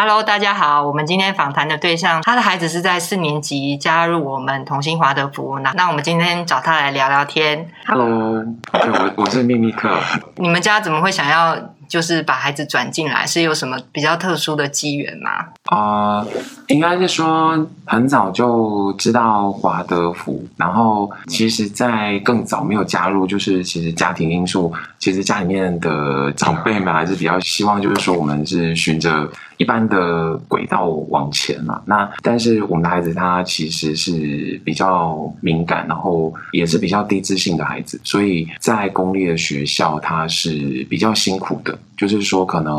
哈嘍，大家好。我們今天訪談的對象，他的孩子是在四年級加入我們同心華德福，那我們今天找他來聊聊天。Hello，我、呃、我是秘密客。你們家怎麼會想要就是把孩子轉進來？是有什麼比較特殊的機緣嗎？哦、呃，應該是說很早就知道華德福，然後其實，在更早沒有加入，就是其實家庭因素，其實家裡面的長輩們還是比較希望，就是說我們是循着。一般的軌道往前嘛、啊、那但是我們的孩子他其實是比較敏感，然後也是比較低自信的孩子，所以在公立的學校他是比較辛苦的，就是說可能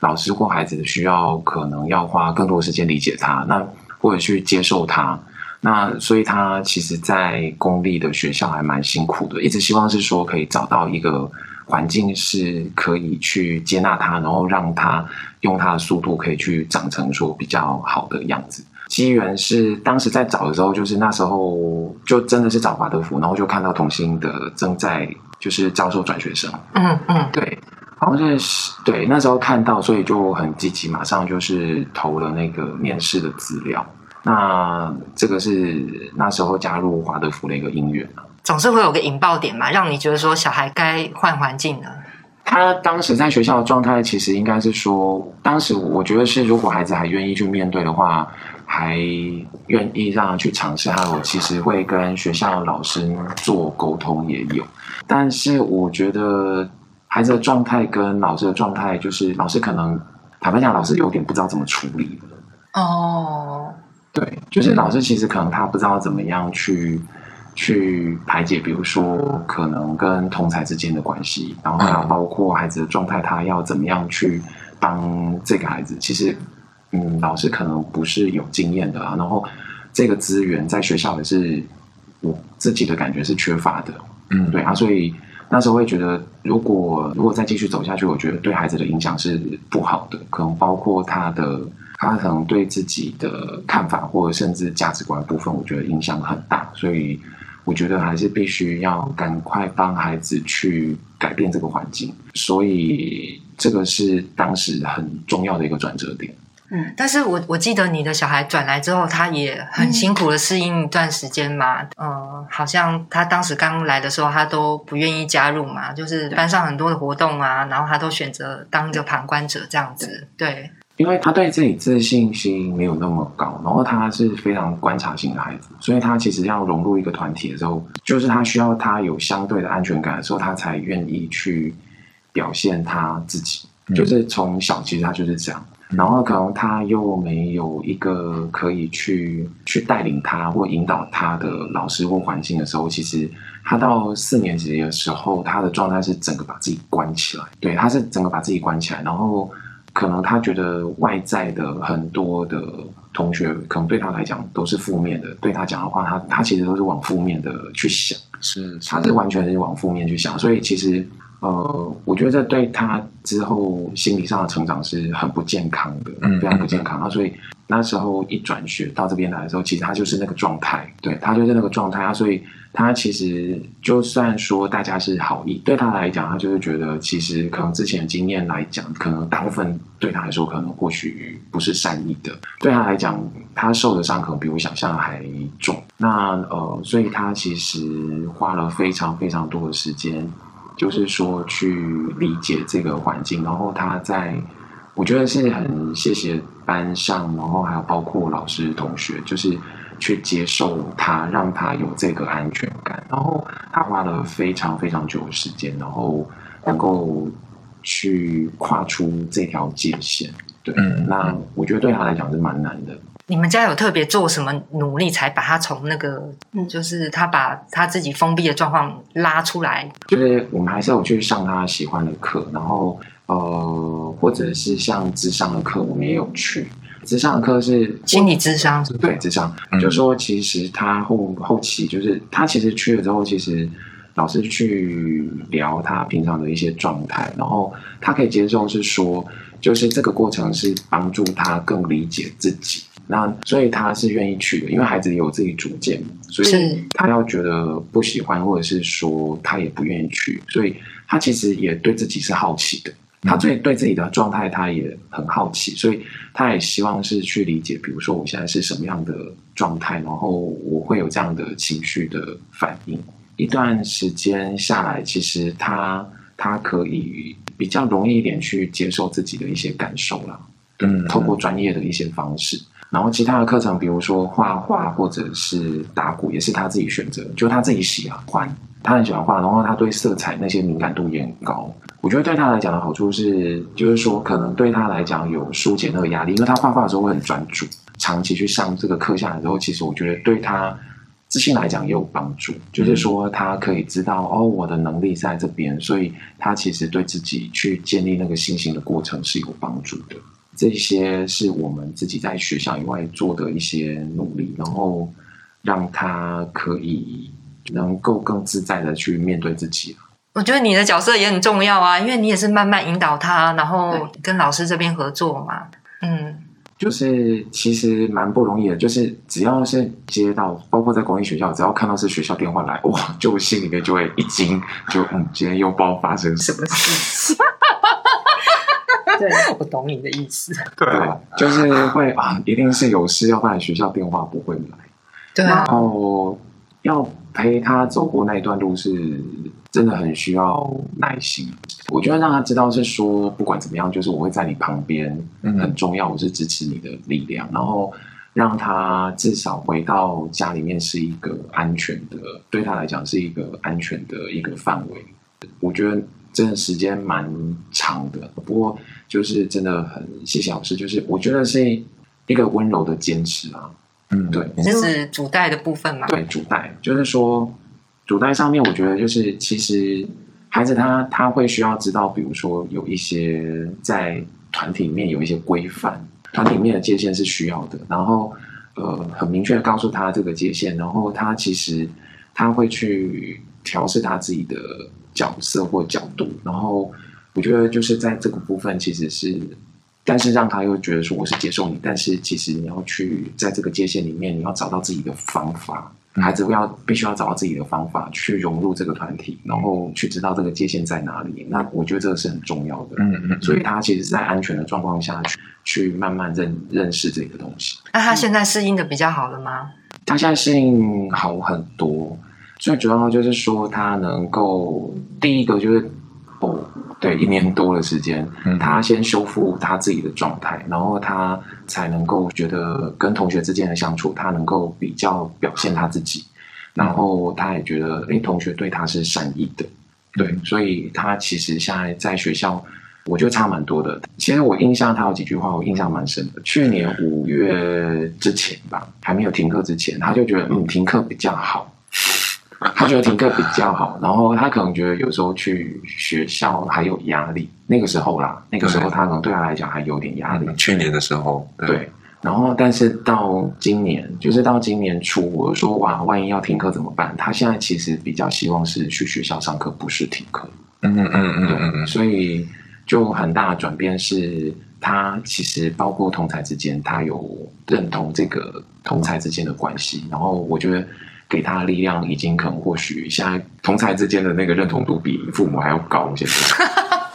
老師或孩子的需要，可能要花更多的時間理解他，那或者去接受他，那所以他其實在公立的學校還蠻辛苦的，一直希望是說可以找到一個環境是可以去接納他，然後讓他用他的速度可以去長成說比較好的樣子。機緣是當時在找的時候，就是那時候就真的是找華德福，然後就看到童心的正在就是教授轉學生。嗯嗯，嗯對，然後就是對那時候看到，所以就很積極，馬上就是投了那個面試的資料。那這個是那時候加入華德福的一個因緣啊。總是會有個引爆點嘛，讓你覺得說小孩該換環境了。他當時在學校的狀態，其實應該是說，當時我覺得是，如果孩子還願意去面對的話，還願意讓他去嘗試，他有，我其實會跟學校的老師做溝通也有。但是我覺得孩子的狀態跟老師的狀態，就是老師可能坦白講，老師有點不知道怎麼處理。哦，oh. 對，就是老師其實可能他不知道怎麼樣去。去排解，比如說可能跟同儕之間的關係，然後還有包括孩子的狀態，他要怎麼樣去幫這個孩子？其實，嗯，老師可能不是有經驗的啊。然後，這個資源在學校也是我自己的感覺是缺乏的，嗯，對啊。所以那時候會覺得，如果如果再繼續走下去，我覺得對孩子的影響是不好的，可能包括他的他可能對自己的看法，或者甚至價值觀部分，我覺得影響很大，所以。我覺得還是必須要趕快幫孩子去改變這個環境，所以這個是當時很重要的一個轉折點。嗯，但是我我記得你的小孩轉來之後，他也很辛苦的適應一段時間嘛。嗯、呃，好像他當時剛來的時候，他都不願意加入嘛，就是班上很多的活動啊，然後他都選擇當一個旁觀者這樣子。對。對因為他對自己自信心沒有那麼高，然後他是非常觀察型的孩子，所以他其實要融入一個團體的時候，就是他需要他有相對的安全感的時候，他才願意去表現他自己。就是從小其實他就是這樣，嗯。然後可能他又沒有一個可以去去帶領他或引導他的老師或環境的時候，其實他到四年級的時候，他的狀態是整個把自己關起來，對，他是整個把自己關起來，然後。可能他覺得外在的很多的同學，可能對他來講都是負面的。對他講的話，他他其實都是往負面的去想，是，是他是完全是往負面去想，所以其實，呃，我覺得這對他之後心理上的成長是很不健康的，非常不健康，嗯嗯，啊，所以那時候一轉學到這邊來的時候，其實他就是那個狀態，對，他就是那個狀態啊，所以。他其實就算說大家是好意，對他來講，他就是覺得其實可能之前的經驗來講，可能大部分對他來說可能或許不是善意的。對他來講，他受的傷可能比我想象還重。那呃，所以他其實花了非常非常多的時間，就是說去理解這個環境。然後他在，我覺得是很謝謝班上，然後還有包括老師同學，就是。去接受他，讓他有這個安全感，然後他花了非常非常久的時間，然後能夠去跨出這條界限。對，嗯、那我覺得對他來講是蠻難的。你們家有特別做什麼努力，才把他從那個，就是他把他自己封閉的狀況拉出來？就是我們還是有去上他喜歡的課，然後呃，或者是像諮商的課，我們也有去。諮商課是心理諮商是吧？對，諮商。嗯、就是說其實他後後期就是他其實去了之後，其實老師，去聊他平常的一些狀態，然後他可以接受是說，就是這個過程是幫助他更理解自己。那所以他是願意去的，因為孩子有自己主見，所以他要覺得不喜歡或者是說他也不願意去，所以他其實也對自己是好奇的。他最對自己的狀態，他也很好奇，所以他也希望是去理解，比如說我現在是什麼樣的狀態，然後我會有這樣的情緒的反應。一段時間下來，其實他他可以比較容易一點去接受自己的一些感受啦。嗯，透過專業的一些方式，然後其他的課程，比如說畫畫或者是打鼓，也是他自己選擇，就他自己喜歡，他很喜歡畫，然後他對色彩那些敏感度也很高。我覺得對他來講的好處是，就是說可能對他來講有疏解那個壓力，因為他畫畫的時候會很專注。長期去上這個課下來之後，其實我覺得對他自信來講也有幫助。嗯。就是說他可以知道哦，我的能力在這邊，所以他其實對自己去建立那個信心的過程是有幫助的。這些是我們自己在學校以外做的一些努力，然後讓他可以能夠更自在的去面對自己。我覺得你的角色也很重要啊，因為你也是慢慢引導他，然後跟老師這邊合作嘛。嗯，就是其實蠻不容易的，就是只要是接到，包括在公立學校，只要看到是學校電話來，我就心裡面就會一驚，就嗯，今天又爆發生什麼事情？對，我懂你的意思。對，就是會啊，一定是有事，要不然學校電話不會來。對啊。然後要陪他走過那一段路是真的很需要耐心。我覺得讓他知道是說不管怎麼樣，就是我會在你旁邊，很重要，我是支持你的力量。然後讓他至少回到家裡面是一個安全的，對他來講是一個安全的一個範圍。我覺得真的時間蠻長的，不過就是真的很謝謝老師，就是我覺得是一個溫柔的堅持啊。嗯，對，就、嗯、是主帶的部分嘛。對，主帶就是說，主帶上面，我覺得就是其實孩子他他會需要知道，比如說有一些在團體裡面有一些規範，團體裡面的界限是需要的，然後呃很明確的告訴他這個界限，然後他其實他會去調試他自己的角色或角度，然後我覺得就是在這個部分其實是。但是讓他又覺得說我是接受你，但是其實你要去在這個界限裡面，你要找到自己的方法。嗯、孩子要必須要找到自己的方法去融入這個團體，嗯、然後去知道這個界限在哪裡。那我覺得這個是很重要的。嗯嗯。嗯嗯，所以他其實是在安全的狀況下去、嗯、去慢慢認認識這個東西。那、啊、他現在適應的比較好了嗎？他現在適應好很多，最主要就是說他能夠第一個就是。哦，oh, 對，一年多的時間，他先修復他自己的狀態，嗯哼。然後他才能夠覺得跟同學之間的相處，他能夠比較表現他自己，然後他也覺得，哎，同學對他是善意的，對，所以他其實現在在學校，我覺得差蠻多的。其實我印象他有幾句話，我印象蠻深的。去年五月之前吧，還沒有停課之前，他就覺得，嗯，停課比較好。 他覺得停課比較好，然後他可能覺得有時候去學校還有壓力，那個時候啦，那個時候他可能對他來講還有點壓力。對對去年的時候，對，對，然後但是到今年，就是到今年初，我說哇，萬一要停課怎麼辦？他現在其實比較希望是去學校上課，不是停課。嗯嗯嗯嗯，嗯嗯對，所以就很大的轉變是，他其實包括同儕之間，他有認同這個同儕之間的關係，嗯、然後我覺得。給他的力量已經可能或許現在同儕，之間的那個認同度比父母還要高，現在。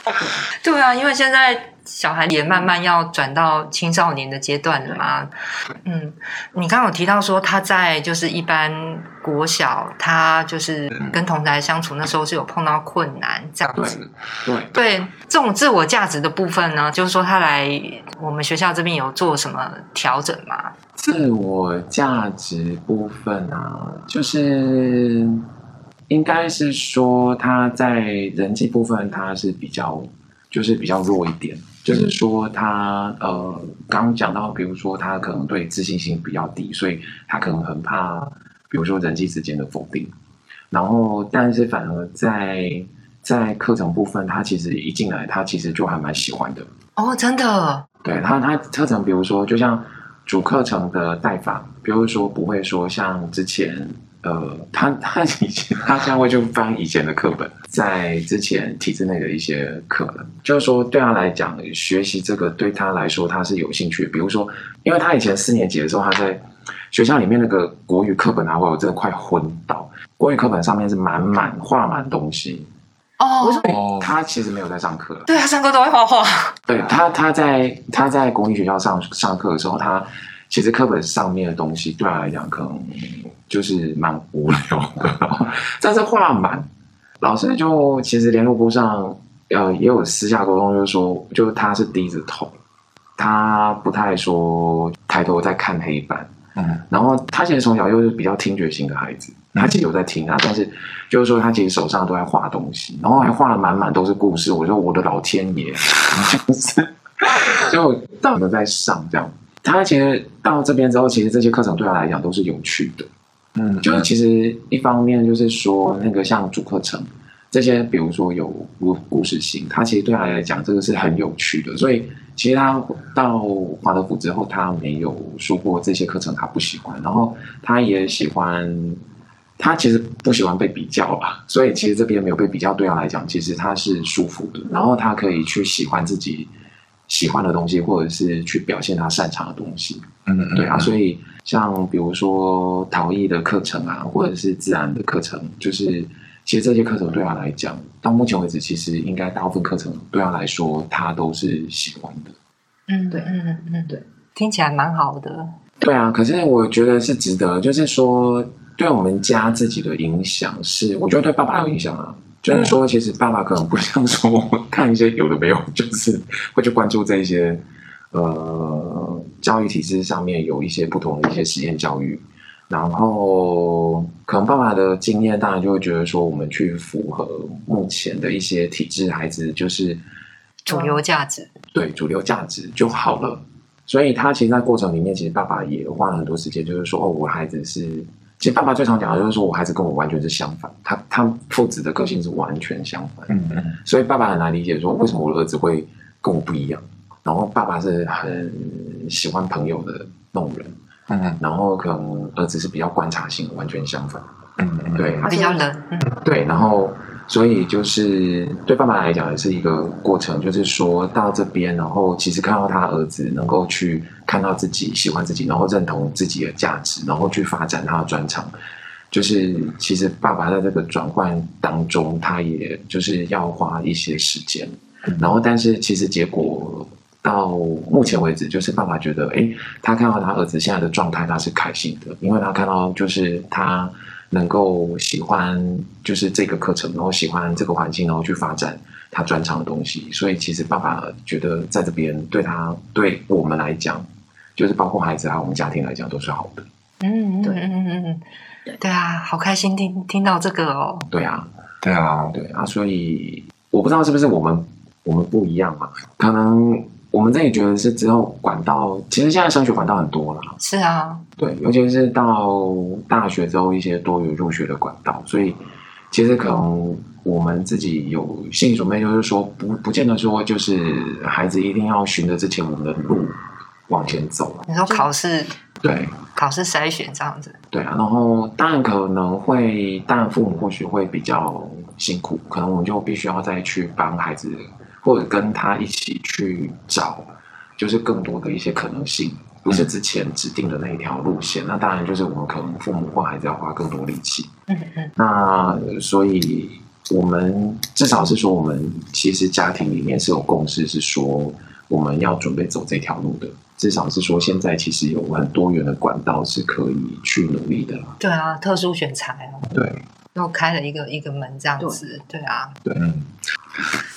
對啊，因為現在小孩也慢慢要轉到青少年的階段了嘛。嗯，你剛剛有提到說他在就是一般國小，他就是跟同儕相處那時候是有碰到困難這樣子。對對，這種自我價值的部分呢，就是說他來我們學校這邊有做什麼調整嗎？自我價值部分啊，就是應該是說他在人際部分，他是比較就是比較弱一點，嗯、就是說他呃剛講到，比如說他可能對自信心比較低，所以他可能很怕，比如說人際之間的否定。然後，但是反而在在課程部分，他其實一進來，他其實就還蠻喜歡的。哦，真的？對，他，他課程比如說，就像。主課程的帶法，比如說不會說像之前，呃，他他以前他將會就翻以前的課本，在之前體制內的一些課了，就是說對他來講，學習這個對他來說他是有興趣的。比如說，因為他以前四年級的時候，他在學校裡面那個國語課本啊，我我真的快昏倒，國語課本上面是滿滿畫滿東西。哦，我說，他其實沒有在上課。對他上課都會畫畫。對他，他在他在公立學校上上課的時候，他其實課本上面的東西對他來講可能就是蠻無聊的。但是畫滿，老師就其實聯絡不上，呃，也有私下溝通就是，就說就他是低着頭，他不太說抬頭在看黑板。嗯、然後他其實從小又是比較聽覺型的孩子，他其實有在聽啊，但是就是說他其實手上都在畫東西，然後還畫了滿滿都是故事。我說我的老天爺，就是、就、我們 在上這樣。他其實到這邊之後，其實這些課程對他來講都是有趣的。嗯，就是其實一方面就是說、嗯、那個像主課程。這些比如說有故故事性，他其實對他來講這個是很有趣的，所以其實他到華德福之後，他沒有說過這些課程他不喜歡，然後他也喜歡，他其實不喜歡被比較吧，所以其實這邊沒有被比較，對他來講其實他是舒服的，然後他可以去喜歡自己喜歡的東西，或者是去表現他擅長的東西，嗯，對啊，所以像比如說陶藝的課程啊，或者是自然的課程，就是。其實這些課程對他來講，嗯、到目前為止，其實應該大部分課程對他來說，他都是喜歡的。嗯，對、嗯，嗯嗯嗯，對，聽起來蠻好的。對啊，可是我覺得是值得，就是說，對我們家自己的影響是，我覺得對爸爸有影響啊。嗯、就是說，其實爸爸可能不像說看一些有的沒有，就是會去關注這些，呃，教育體制上面有一些不同的一些實驗教育。然後，可能爸爸的經驗，大家就會覺得說，我們去符合目前的一些體制，孩子就是主流價值，對，主流價值就好了。所以他其實，在過程裡面，其實爸爸也花了很多時間，就是說，哦，我孩子是，其實爸爸最常講的就是說，我孩子跟我完全是相反，他他父子的個性是完全相反，嗯，所以爸爸很難理解說，為什麼我的兒子會跟我不一樣。然後，爸爸是很喜歡朋友的那種人。嗯，然後可能兒子是比較觀察性，完全相反。嗯，對，他比較冷。嗯，對，對，然後所以就是對爸爸來講也是一個過程，就是說到這邊，然後其實看到他兒子能夠去看到自己喜歡自己，然後認同自己的價值，然後去發展他的專長，就是其實爸爸在這個轉換當中，他也就是要花一些時間，然後但是其實結果。到目前為止，就是爸爸覺得，誒他看到他兒子現在的狀態，他是開心的，因為他看到就是他能夠喜歡，就是這個課程，然後喜歡這個環境，然後去發展他專長的東西。所以其實爸爸覺得在這邊對他、對我們來講，就是包括孩子和我們家庭來講，都是好的。嗯，對、嗯嗯嗯嗯，對啊，好開心聽聽到這個哦。對啊，對啊，對啊，所以我不知道是不是我們我們不一樣嘛，可能。我們這裡覺得是之後管道，其實現在升學管道很多了。是啊，對，尤其是到大學之後一些多元入學的管道，所以其實可能我們自己有心理準備，就是說不不見得說就是孩子一定要循着之前我們的路往前走。你說考試？對，考試篩選這樣子。對啊，然後當然可能會，當然父母或許會比較辛苦，可能我們就必須要再去幫孩子。或者跟他一起去找，就是更多的一些可能性，不是之前指定的那一條路線。那當然就是我們可能父母或孩子要花更多力氣。嗯嗯哼。那所以我們至少是說，我們其實家庭裡面是有共識，是說我們要準備走這條路的。至少是說，現在其實有很多元的管道是可以去努力的。對啊，特殊選才啊、哦。對。又開了一個一個門這樣子，對，對啊。對。嗯。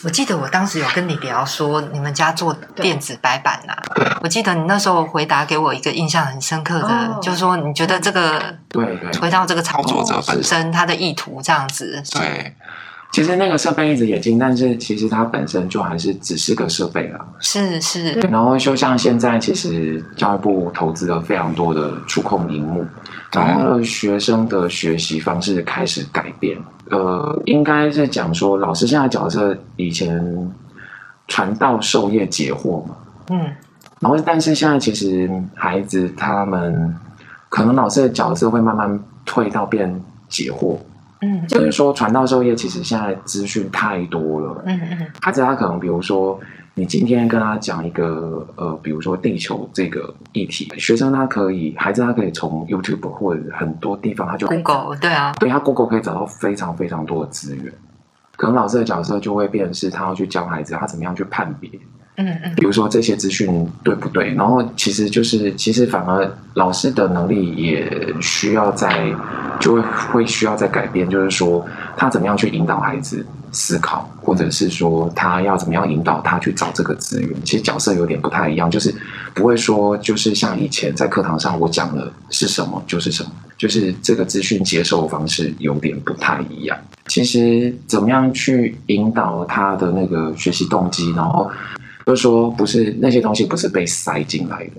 我記得我當時有跟你聊說，你們家做電子白板吶、啊。對我記得你那時候回答給我一個印象很深刻的，哦、就是說你覺得這個對，對回到這個操作者本身他、哦、的意圖這樣子對。對其實那個設備一直也進，但是其實它本身就還是只是個設備了、啊。是是。然後就像現在，其實教育部投資了非常多的觸控螢幕，嗯、然後學生的學習方式開始改變。呃，應該是講說，老師現在的角色以前傳道授業解惑嘛。嗯。然後，但是現在其實孩子他們可能老師的角色會慢慢退到變人解惑。就是說，傳道授業其實現在資訊太多了。嗯嗯嗯，孩子他可能，比如說，你今天跟他講一個，呃，比如說地球這個議題，學生他可以，孩子他可以從 YouTube 或者很多地方，他就 Google 對啊，對，他 Google 可以找到非常非常多的資源。可能老師的角色就會變是，他要去教孩子他怎麼樣去判別。嗯嗯，比如說這些資訊對不對？然後其實就是其實反而老師的能力也需要再，就會會需要再改變，就是說他怎麼樣去引導孩子思考，或者是說他要怎麼樣引導他去找這個資源。其實角色有點不太一樣，就是不會說就是像以前在課堂上我講的是什麼就是什麼，就是這個資訊接受方式有點不太一樣。其實怎麼樣去引導他的那個學習動機，然後。就是說，不是那些東西不是被塞進來的。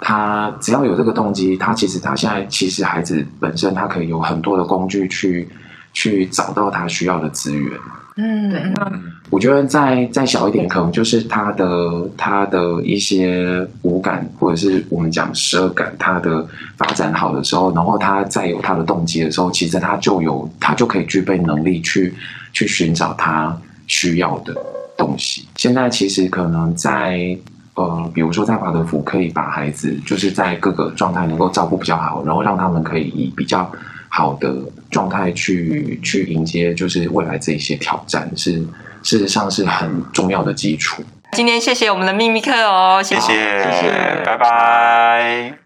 他只要有這個動機，他其實他現在其實孩子本身他可以有很多的工具去去找到他需要的資源。嗯，嗯，對。那我覺得再再小一點可能就是他的他的一些五感或者是我們講十二感，他的發展好的時候，然後他再有他的動機的時候，其實他就有他就可以具備能力去去尋找他需要的東西現在其實可能在呃，比如說在華德福，可以把孩子就是在各個狀態能夠照顧比較好，然後讓他們可以以比較好的狀態去去迎接，就是未來這一些挑戰是事實上是很重要的基礎。今天謝謝我們的秘密客哦，謝謝，謝謝，拜拜。